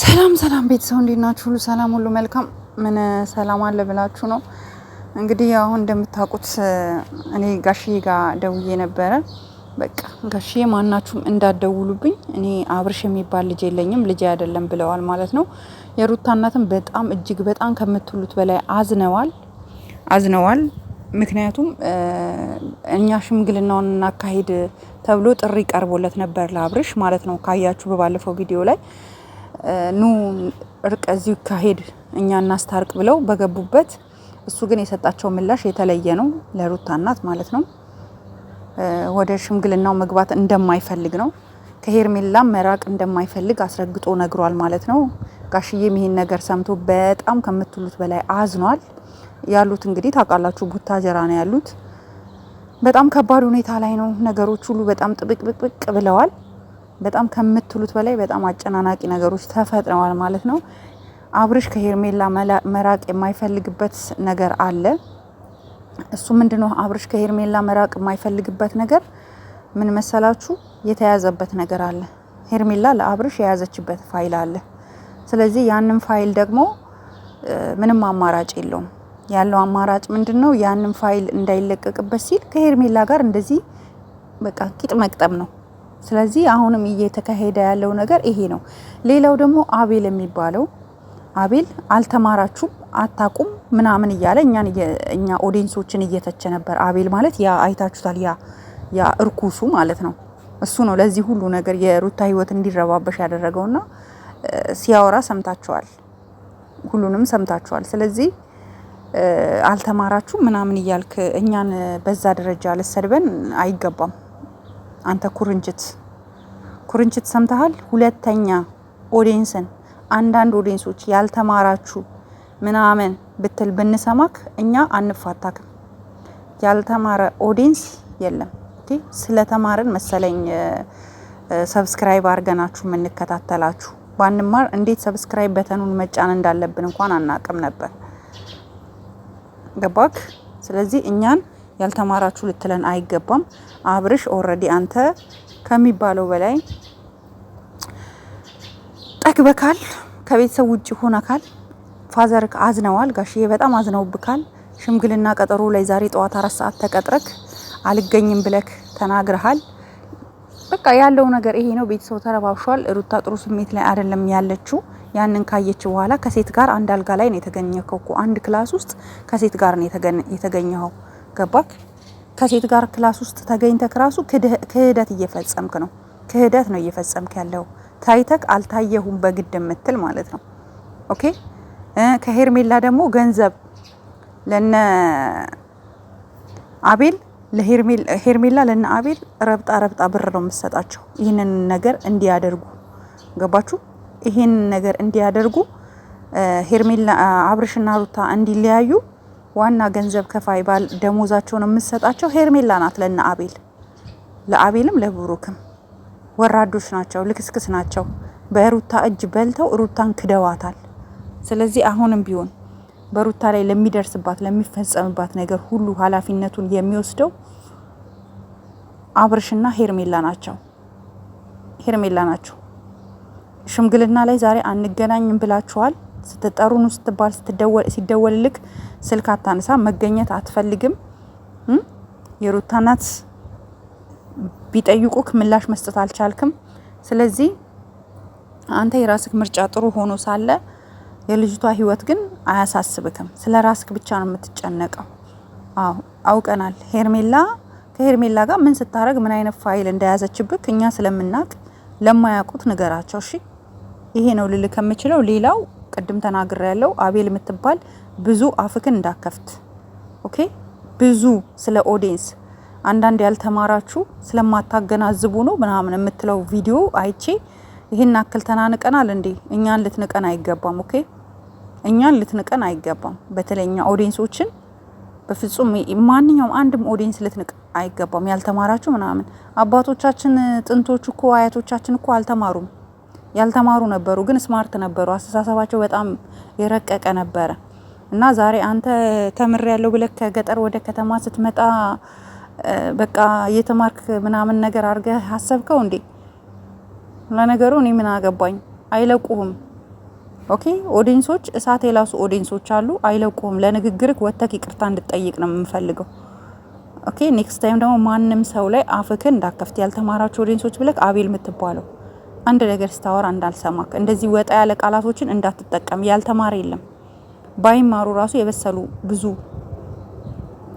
ሰላም ሰላም ቤተሰብ እንዴት ናችሁ? ሁሉ ሰላም፣ ሁሉ መልካም። ምን ሰላም አለ ብላችሁ ነው እንግዲህ። አሁን እንደምታውቁት እኔ ጋሽዬ ጋር ደውዬ ነበረ። በቃ ጋሽዬ ማናችሁም እንዳደውሉብኝ እኔ አብርሽ የሚባል ልጅ የለኝም፣ ልጅ አይደለም ብለዋል ማለት ነው። የሩታ እናትም በጣም እጅግ በጣም ከምትሉት በላይ አዝነዋል፣ አዝነዋል። ምክንያቱም እኛ ሽምግልናውን እናካሂድ ተብሎ ጥሪ ቀርቦለት ነበር ለአብርሽ ማለት ነው። ካያችሁ በባለፈው ቪዲዮ ላይ ኑ እርቅ እዚሁ ይካሄድ፣ እኛ እናስታርቅ ብለው በገቡበት እሱ ግን የሰጣቸው ምላሽ የተለየ ነው። ለሩታ እናት ማለት ነው። ወደ ሽምግልናው መግባት እንደማይፈልግ ነው። ከሄርሜላ መራቅ እንደማይፈልግ አስረግጦ ነግሯል ማለት ነው። ጋሽዬም ይሄን ነገር ሰምቶ በጣም ከምትሉት በላይ አዝኗል። ያሉት እንግዲህ ታውቃላችሁ፣ ጀራ ነው ያሉት። በጣም ከባድ ሁኔታ ላይ ነው። ነገሮች ሁሉ በጣም ጥብቅብቅብቅ ብለዋል። በጣም ከምትሉት በላይ በጣም አጨናናቂ ነገሮች ተፈጥረዋል ማለት ነው። አብርሽ ከሄርሜላ መራቅ የማይፈልግበት ነገር አለ። እሱ ምንድነው? አብርሽ ከሄርሜላ መራቅ የማይፈልግበት ነገር ምን መሰላችሁ? የተያዘበት ነገር አለ። ሄርሜላ ለአብርሽ የያዘችበት ፋይል አለ። ስለዚህ ያንን ፋይል ደግሞ ምንም አማራጭ የለውም። ያለው አማራጭ ምንድን ነው? ያንን ፋይል እንዳይለቀቅበት ሲል ከሄርሜላ ጋር እንደዚህ በቃ ቂጥ መቅጠም ነው። ስለዚህ አሁንም እየተካሄደ ያለው ነገር ይሄ ነው። ሌላው ደግሞ አቤል የሚባለው አቤል አልተማራችሁም፣ አታቁም ምናምን እያለ እኛን እኛ ኦዲንሶችን እየተቸ ነበር። አቤል ማለት ያ አይታችሁታል፣ ያ ያ እርኩሱ ማለት ነው። እሱ ነው ለዚህ ሁሉ ነገር የሩታ ህይወት እንዲረባበሽ ያደረገውና ሲያወራ ሰምታችኋል፣ ሁሉንም ሰምታችኋል። ስለዚህ አልተማራችሁ ምናምን እያልክ እኛን በዛ ደረጃ ልሰድበን አይገባም። አንተ ኩርንችት ኩርንችት ሰምተሃል። ሁለተኛ ኦዲየንስን አንዳንድ ኦዲንሶች ያልተማራችሁ ምናምን ብትል ብንሰማክ እኛ አንፋታክም። ያልተማረ ኦዲንስ የለም። ስለተማርን መሰለኝ ሰብስክራይብ አድርገናችሁ የምንከታተላችሁ። ባንማር እንዴት ሰብስክራይብ በተኑን መጫን እንዳለብን እንኳን አናቅም ነበር። ገባክ? ስለዚህ እኛን ያልተማራችሁ ልትለን አይገባም። አብርሽ ኦልሬዲ አንተ ከሚባለው በላይ ጠግበካል። ከቤተሰብ ውጭ ሆነካል። ፋዘር አዝነዋል። ጋሽዬ በጣም አዝነውብካል። ሽምግልና ቀጠሮ ላይ ዛሬ ጠዋት አራት ሰዓት ተቀጥረክ አልገኝም ብለክ ተናግረሃል። በቃ ያለው ነገር ይሄ ነው። ቤተሰቡ ተረባብሿል። ሩታ ጥሩ ስሜት ላይ አይደለም ያለችው። ያንን ካየች በኋላ ከሴት ጋር አንድ አልጋ ላይ ነው የተገኘከው እኮ አንድ ክላስ ውስጥ ከሴት ጋር ነው የተገኘኸው። ገባክ? ከሴት ጋር ክላስ ውስጥ ተገኝተክ ራሱ ክህደት እየፈጸምክ ነው። ክህደት ነው እየፈጸምክ ያለው። ታይተክ አልታየሁም በግድ የምትል ማለት ነው። ኦኬ። ከሄርሜላ ደግሞ ገንዘብ ለነ አቤል ሄርሜላ ለነ አቤል ረብጣ ረብጣ ብር ነው የምትሰጣቸው። ይህንን ነገር እንዲያደርጉ ገባችሁ? ይህንን ነገር እንዲያደርጉ ሄርሜላ አብርሽና ሩታ እንዲለያዩ ዋና ገንዘብ ከፋይ ባል ደሞዛቸውን የምትሰጣቸው ሄርሜላ ናት። ለነ አቤል ለአቤልም ለብሩክም ወራዶች ናቸው፣ ልክስክስ ናቸው። በሩታ እጅ በልተው ሩታን ክደዋታል። ስለዚህ አሁንም ቢሆን በሩታ ላይ ለሚደርስባት ለሚፈጸምባት ነገር ሁሉ ኃላፊነቱን የሚወስደው አብርሽና ሄርሜላ ናቸው ሄርሜላ ናቸው። ሽምግልና ላይ ዛሬ አንገናኝም ብላችኋል። ስትጠሩኑ ስትባል ሲደወልልክ ስልክ አታነሳ፣ መገኘት አትፈልግም። የሩታናት ቢጠይቁክ ምላሽ መስጠት አልቻልክም። ስለዚህ አንተ የራስክ ምርጫ ጥሩ ሆኖ ሳለ የልጅቷ ህይወት ግን አያሳስብክም። ስለ ራስክ ብቻ ነው የምትጨነቀው። አዎ አውቀናል። ሄርሜላ ከሄርሜላ ጋር ምን ስታደረግ ምን አይነት ፋይል እንደያዘችብክ እኛ ስለምናቅ ለማያውቁት ንገራቸው። እሺ ይሄ ነው ልልክ የምችለው ሌላው ቅድም ተናግሬ ያለው አቤል የምትባል ብዙ አፍክን እንዳከፍት ኦኬ። ብዙ ስለ ኦዲየንስ አንዳንድ ያልተማራችሁ ስለማታገናዝቡ ነው ምናምን የምትለው ቪዲዮ አይቼ ይህን አክል ተናንቀናል እንዴ? እኛን ልትንቀን አይገባም። ኦኬ፣ እኛን ልትንቀን አይገባም። በተለይ እኛ ኦዲየንሶችን በፍጹም ማንኛውም አንድም ኦዲየንስ ልትንቅ አይገባም። ያልተማራችሁ ምናምን አባቶቻችን ጥንቶች እኮ አያቶቻችን እኮ አልተማሩም። ያልተማሩ ነበሩ፣ ግን ስማርት ነበሩ። አስተሳሰባቸው በጣም የረቀቀ ነበረ እና ዛሬ አንተ ተምር ያለው ብለህ ከገጠር ወደ ከተማ ስትመጣ በቃ የተማርክ ምናምን ነገር አድርገህ አሰብከው እንዴ? ለነገሩ እኔ ምን አገባኝ፣ አይለቁህም። ኦኬ ኦዲንሶች፣ እሳት የላሱ ኦዲንሶች አሉ፣ አይለቁህም። ለንግግርህ ወተክ ይቅርታ እንድጠይቅ ነው የምፈልገው። ኦኬ ኔክስት ታይም ደግሞ ማንም ሰው ላይ አፍክን እንዳከፍት ያልተማራችሁ ኦዲንሶች ብለህ አቤል የምትባለው አንድ ነገር ስታወራ እንዳልሰማክ፣ እንደዚህ ወጣ ያለ ቃላቶችን እንዳትጠቀም። ያልተማረ የለም። ባይማሩ ራሱ የበሰሉ ብዙ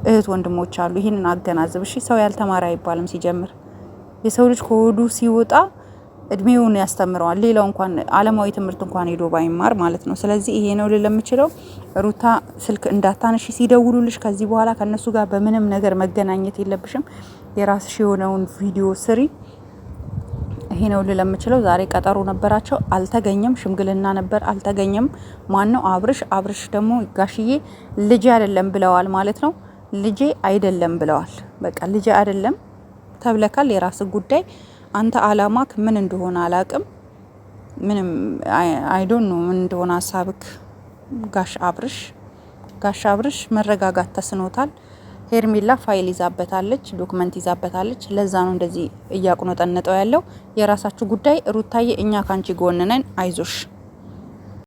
እህት ወንድሞች አሉ። ይህንን አገናዝብ እሺ ሰው ያልተማረ አይባልም። ሲጀምር የሰው ልጅ ከሆዱ ሲወጣ እድሜውን ያስተምረዋል። ሌላው እንኳን አለማዊ ትምህርት እንኳን ሄዶ ባይማር ማለት ነው። ስለዚህ ይሄ ነው ልል የምችለው። ሩታ ስልክ እንዳታነሺ ሲደውሉልሽ። ከዚህ በኋላ ከነሱ ጋር በምንም ነገር መገናኘት የለብሽም። የራስሽ የሆነውን ቪዲዮ ስሪ። ይሄ ነው ልል የምችለው። ዛሬ ቀጠሮ ነበራቸው አልተገኘም። ሽምግልና ነበር አልተገኘም። ማን ነው አብርሽ? አብርሽ ደግሞ ጋሽዬ ልጄ አይደለም ብለዋል ማለት ነው። ልጄ አይደለም ብለዋል። በቃ ልጄ አይደለም ተብለካል። የራስ ጉዳይ አንተ አላማክ ምን እንደሆነ አላቅም። ምንም አይዶን ነው ምን እንደሆነ ሀሳብክ ጋሽ አብርሽ ጋሽ አብርሽ መረጋጋት ተስኖታል። ሄርሜላ ፋይል ይዛበታለች፣ ዶክመንት ይዛበታለች። ለዛ ነው እንደዚህ እያቁነጠነጠው ያለው። የራሳችሁ ጉዳይ ሩታዬ፣ እኛ ካንቺ ጎን ነን፣ አይዞሽ